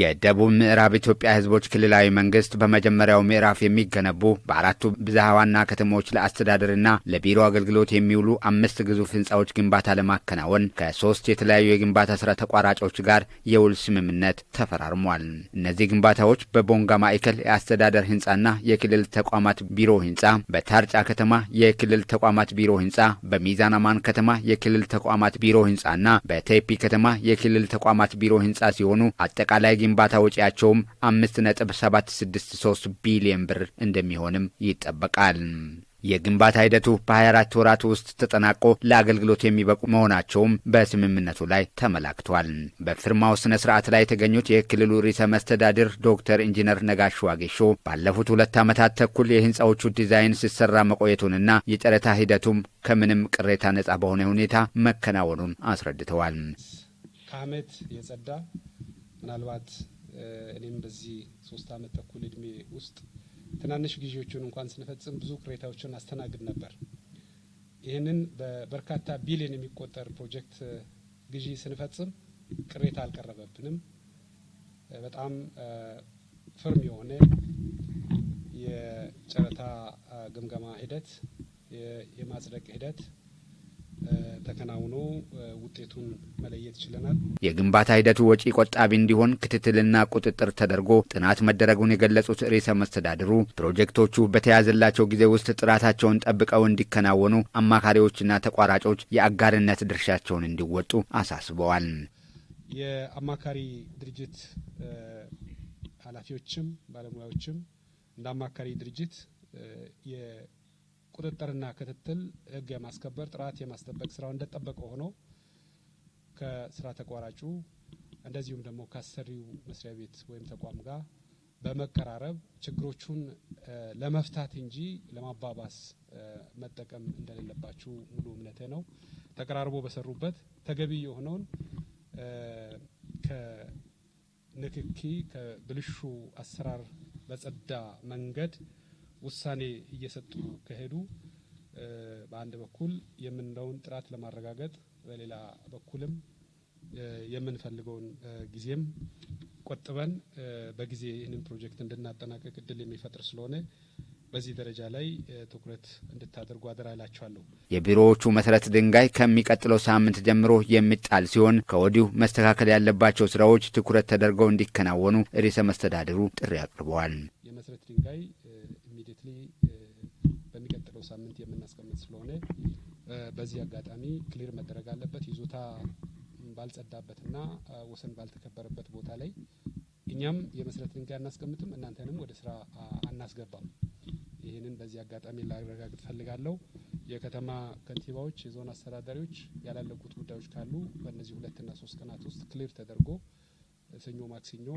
የደቡብ ምዕራብ ኢትዮጵያ ህዝቦች ክልላዊ መንግስት በመጀመሪያው ምዕራፍ የሚገነቡ በአራቱ ብዝሃ ዋና ከተሞች ለአስተዳደርና ለቢሮ አገልግሎት የሚውሉ አምስት ግዙፍ ህንፃዎች ግንባታ ለማከናወን ከሶስት የተለያዩ የግንባታ ስራ ተቋራጮች ጋር የውል ስምምነት ተፈራርሟል። እነዚህ ግንባታዎች በቦንጋ ማዕከል የአስተዳደር ህንፃና የክልል ተቋማት ቢሮ ህንፃ፣ በታርጫ ከተማ የክልል ተቋማት ቢሮ ህንፃ፣ በሚዛን አማን ከተማ የክልል ተቋማት ቢሮ ህንፃና በቴፒ ከተማ የክልል ተቋማት ቢሮ ህንፃ ሲሆኑ አጠቃላይ የግንባታ ወጪያቸውም 5.763 ቢሊዮን ብር እንደሚሆንም ይጠበቃል። የግንባታ ሂደቱ በ24 ወራት ውስጥ ተጠናቆ ለአገልግሎት የሚበቁ መሆናቸውም በስምምነቱ ላይ ተመላክቷል። በፊርማው ስነ ስርዓት ላይ የተገኙት የክልሉ ርዕሰ መስተዳድር ዶክተር ኢንጂነር ነጋሽ ዋጌሾ ባለፉት ሁለት ዓመታት ተኩል የህንፃዎቹ ዲዛይን ሲሰራ መቆየቱንና የጨረታ ሂደቱም ከምንም ቅሬታ ነጻ በሆነ ሁኔታ መከናወኑን አስረድተዋል። ከአመት የጸዳ ምናልባት እኔም በዚህ ሶስት አመት ተኩል እድሜ ውስጥ ትናንሽ ግዢዎችን እንኳን ስንፈጽም ብዙ ቅሬታዎችን አስተናግድ ነበር። ይህንን በበርካታ ቢሊዮን የሚቆጠር ፕሮጀክት ግዢ ስንፈጽም ቅሬታ አልቀረበብንም። በጣም ፍርም የሆነ የጨረታ ግምገማ ሂደት የማጽደቅ ሂደት ተከናውኖ ውጤቱን መለየት ችለናል። የግንባታ ሂደቱ ወጪ ቆጣቢ እንዲሆን ክትትልና ቁጥጥር ተደርጎ ጥናት መደረጉን የገለጹት ርዕሰ መስተዳድሩ ፕሮጀክቶቹ በተያዘላቸው ጊዜ ውስጥ ጥራታቸውን ጠብቀው እንዲከናወኑ አማካሪዎችና ተቋራጮች የአጋርነት ድርሻቸውን እንዲወጡ አሳስበዋል። የአማካሪ ድርጅት ኃላፊዎችም ባለሙያዎችም እንደ አማካሪ ድርጅት ቁጥጥርና ክትትል፣ ህግ የማስከበር ጥራት የማስጠበቅ ስራው እንደጠበቀ ሆኖ ከስራ ተቋራጩ እንደዚሁም ደግሞ ከአሰሪው መስሪያ ቤት ወይም ተቋም ጋር በመቀራረብ ችግሮቹን ለመፍታት እንጂ ለማባባስ መጠቀም እንደሌለባችሁ ሙሉ እምነቴ ነው። ተቀራርቦ በሰሩበት ተገቢ የሆነውን ከንክኪ ከብልሹ አሰራር በጸዳ መንገድ ውሳኔ እየሰጡ ከሄዱ በአንድ በኩል የምንለውን ጥራት ለማረጋገጥ በሌላ በኩልም የምንፈልገውን ጊዜም ቆጥበን በጊዜ ይህንን ፕሮጀክት እንድናጠናቀቅ እድል የሚፈጥር ስለሆነ በዚህ ደረጃ ላይ ትኩረት እንድታደርጉ አደራ እላቸዋለሁ። የቢሮዎቹ መሰረት ድንጋይ ከሚቀጥለው ሳምንት ጀምሮ የሚጣል ሲሆን ከወዲሁ መስተካከል ያለባቸው ስራዎች ትኩረት ተደርገው እንዲከናወኑ ርዕሰ መስተዳድሩ ጥሪ አቅርበዋል። የመሰረት ድንጋይ በሚቀጥለው ሳምንት የምናስቀምጥ ስለሆነ በዚህ አጋጣሚ ክሊር መደረግ አለበት። ይዞታ ባልጸዳበትና ወሰን ባልተከበረበት ቦታ ላይ እኛም የመሰረት ድንጋይ አናስቀምጥም፣ እናንተንም ወደ ስራ አናስገባም። ይህንን በዚህ አጋጣሚ ላረጋግጥ ፈልጋለሁ። የከተማ ከንቲባዎች፣ የዞን አስተዳዳሪዎች ያላለቁት ጉዳዮች ካሉ በእነዚህ ሁለትና ሶስት ቀናት ውስጥ ክሊር ተደርጎ ሰኞ ማክሰኞ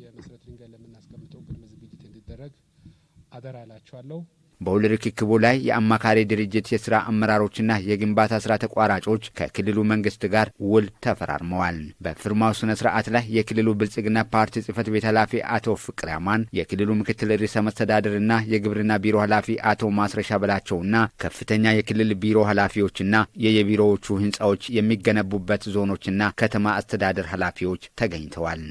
የመሰረት ድንጋይ ለምናስቀምጠው ቅድመ ዝግጅት እንዲደረግ አደራ ላችኋለሁ። በውል ርክክቡ ላይ የአማካሪ ድርጅት የሥራ አመራሮችና የግንባታ ሥራ ተቋራጮች ከክልሉ መንግሥት ጋር ውል ተፈራርመዋል። በፊርማው ሥነ ሥርዓት ላይ የክልሉ ብልጽግና ፓርቲ ጽሕፈት ቤት ኃላፊ አቶ ፍቅሬ አማን፣ የክልሉ ምክትል ርዕሰ መስተዳድርና የግብርና ቢሮ ኃላፊ አቶ ማስረሻ በላቸውና ከፍተኛ የክልል ቢሮ ኃላፊዎችና የየቢሮዎቹ ሕንፃዎች የሚገነቡበት ዞኖችና ከተማ አስተዳደር ኃላፊዎች ተገኝተዋል።